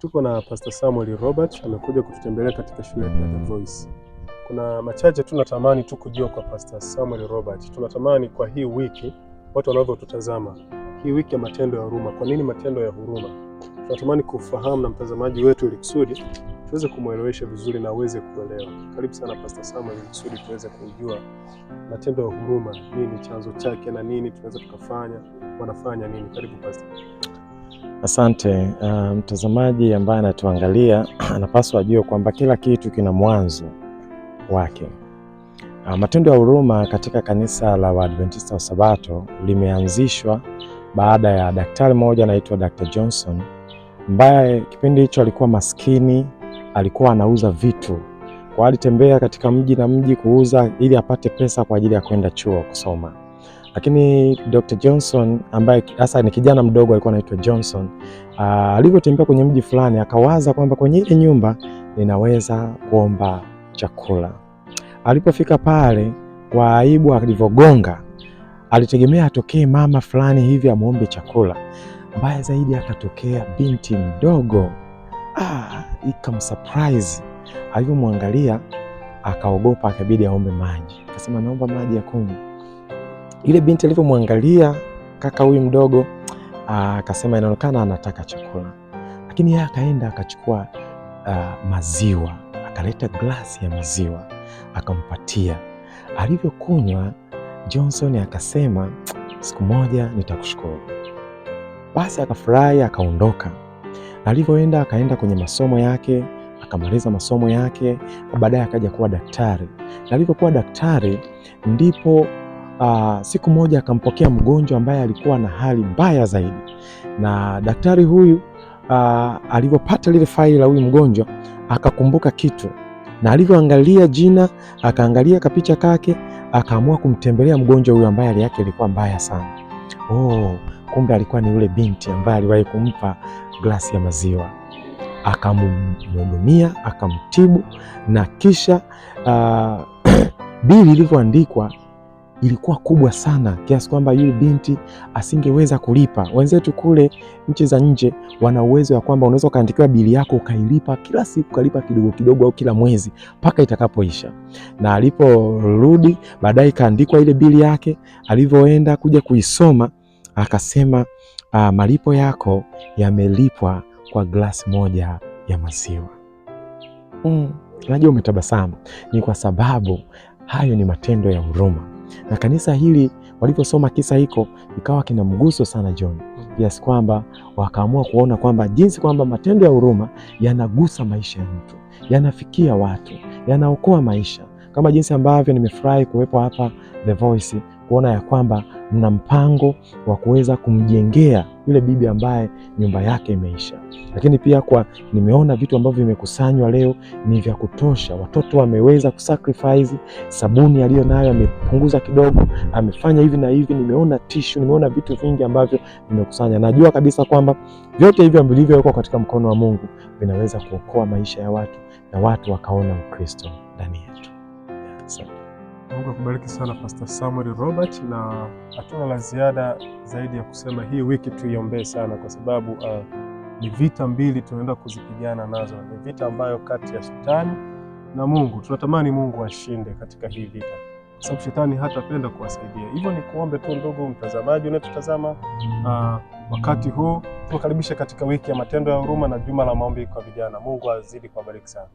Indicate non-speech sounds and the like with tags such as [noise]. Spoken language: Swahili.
Tuko na Pastor Samuel Robert amekuja kututembelea katika shule ya The Voice. Kuna machache tunatamani tu kujua kwa Pastor Samuel Robert. Tunatamani kwa hii wiki watu wanavyotutazama, hii wiki ya matendo ya huruma. Kwa nini matendo ya huruma? Tunatamani kufahamu na mtazamaji wetu ili kusudi tuweze kumwelewesha vizuri na aweze kuelewa. Karibu sana Pastor Samuel ili kusudi tuweze kujua matendo ya huruma, nini chanzo chake na nini tunaweza tukafanya, wanafanya nini. Karibu Pastor. Asante mtazamaji eh, mtazamaji ambaye anatuangalia [clears throat] anapaswa ajue kwamba kila kitu kina mwanzo wake. Uh, matendo ya huruma katika kanisa la Waadventista wa Sabato limeanzishwa baada ya daktari mmoja anaitwa Dr. Johnson ambaye kipindi hicho alikuwa maskini, alikuwa anauza vitu kwa, alitembea katika mji na mji kuuza ili apate pesa kwa ajili ya kwenda chuo kusoma. Lakini Dr. Johnson ambaye hasa ni kijana mdogo alikuwa anaitwa Johnson, uh, alivyotembea kwenye mji fulani akawaza kwamba kwenye ile nyumba ninaweza kuomba chakula. Alipofika pale, kwa aibu alivyogonga, alitegemea atokee mama fulani hivi amuombe chakula. Mbaya zaidi akatokea binti mdogo. Ah, ikamsurprise. Alivyomwangalia akaogopa, akabidi aombe maji, akasema naomba maji ya kunywa yule binti alivyomwangalia kaka huyu mdogo ah, akasema, inaonekana anataka chakula, lakini yeye akaenda akachukua uh, maziwa akaleta glasi ya maziwa akampatia. Alivyokunywa Johnson akasema, siku moja nitakushukuru. Basi akafurahi akaondoka. Alivyoenda akaenda kwenye masomo yake akamaliza masomo yake, baadaye akaja kuwa daktari. Na alivyokuwa daktari ndipo Uh, siku moja akampokea mgonjwa ambaye alikuwa na hali mbaya zaidi, na daktari huyu ah, alivyopata lile faili la huyu mgonjwa akakumbuka kitu, na alivyoangalia jina akaangalia kapicha kake akaamua kumtembelea mgonjwa huyu ambaye hali yake ilikuwa mbaya sana. Oh, kumbe alikuwa ni yule binti ambaye aliwahi kumpa glasi ya maziwa akamhudumia akamtibu, na kisha uh, [clears throat] bili ilivyoandikwa ilikuwa kubwa sana kiasi kwamba yule binti asingeweza kulipa. Wenzetu kule nchi za nje wana uwezo wa kwamba unaweza ukaandikiwa bili yako ukailipa kila siku, kalipa kidogo kidogo au kila mwezi mpaka itakapoisha. Na aliporudi baadaye ikaandikwa ile bili yake, alivyoenda kuja kuisoma akasema, uh, malipo yako yamelipwa kwa glasi moja ya maziwa. Mm, najua umetabasamu, ni kwa sababu hayo ni matendo ya huruma na kanisa hili waliposoma kisa hiko ikawa mguso sana John kiasi mm-hmm. kwamba wakaamua kuona kwamba jinsi kwamba matendo ya huruma yanagusa maisha ya mtu, yanafikia watu, yanaokoa maisha, kama jinsi ambavyo nimefurahi kuwepo hapa The Voice kuona ya kwamba mna mpango wa kuweza kumjengea yule bibi ambaye nyumba yake imeisha. Lakini pia kwa nimeona vitu ambavyo vimekusanywa leo ni vya kutosha. Watoto wameweza kusacrifice, sabuni aliyo nayo amepunguza kidogo, amefanya hivi na hivi. Nimeona tishu, nimeona vitu vingi ambavyo vimekusanya. Najua kabisa kwamba vyote hivyo vilivyowekwa katika mkono wa Mungu vinaweza kuokoa maisha ya watu na watu wakaona Ukristo ndani yake. Mungu akubariki sana Pastor Samuel Robert, na hatuna la ziada zaidi ya kusema hii wiki tuiombee sana, kwa sababu uh, ni vita mbili tunaenda kuzipigana nazo. Ni vita ambayo kati ya shetani na Mungu, tunatamani Mungu ashinde katika hii vita, kwa sababu shetani hatapenda kuwasaidia. Hivyo ni kuombe tu, ndugu mtazamaji unayetutazama uh, wakati huu tukaribisha katika wiki ya matendo ya huruma na juma la maombi kwa vijana. Mungu azidi kubariki sana.